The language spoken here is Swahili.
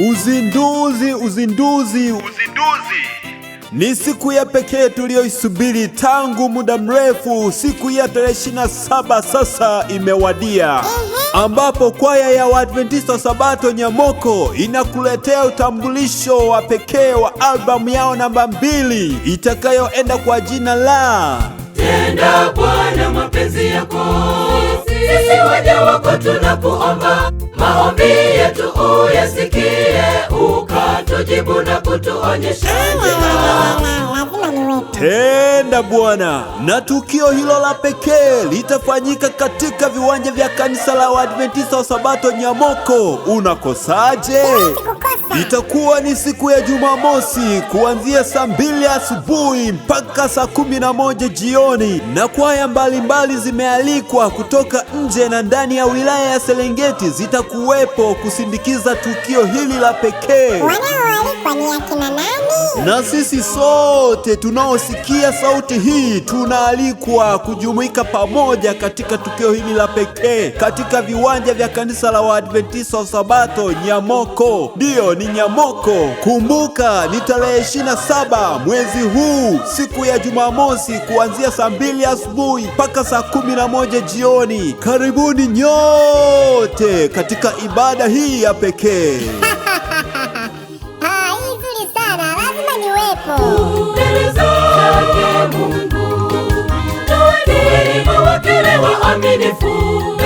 Uzinduzi, uzinduzi, uzinduzi ni siku ya pekee tuliyoisubiri tangu muda mrefu. Siku ya tarehe 27 sasa imewadia, uh-huh. ambapo kwaya ya Waadventista wa Sabato Nyamoko inakuletea utambulisho wa pekee wa albamu yao namba mbili itakayoenda kwa jina la Tenda Bwana mapenzi yako, sisi waja wako kutujibu na kutuonyesha njia tenda Bwana, na tukio hilo la pekee litafanyika katika viwanja vya kanisa la Waadventista wa Sabato Nyamoko. Unakosaje? Itakuwa ni siku ya Jumamosi kuanzia saa mbili asubuhi mpaka saa kumi na moja jioni, na kwaya mbalimbali zimealikwa kutoka nje na ndani ya wilaya ya Serengeti zitakuwepo kusindikiza tukio hili la pekee. Wanaoalikwa ni akina nani? Na sisi sote tuna wanaosikia sauti hii, tunaalikwa kujumuika pamoja katika tukio hili la pekee katika viwanja vya kanisa la Waadventista wa Sabato Nyamoko. Ndiyo, ni Nyamoko. Kumbuka ni tarehe 27 mwezi huu, siku ya Jumamosi, kuanzia saa mbili asubuhi mpaka saa kumi na moja jioni. Karibuni nyote katika ibada hii ya pekee. Hii nzuri sana, lazima niwepo. Mungu, tuweni mawakili waaminifu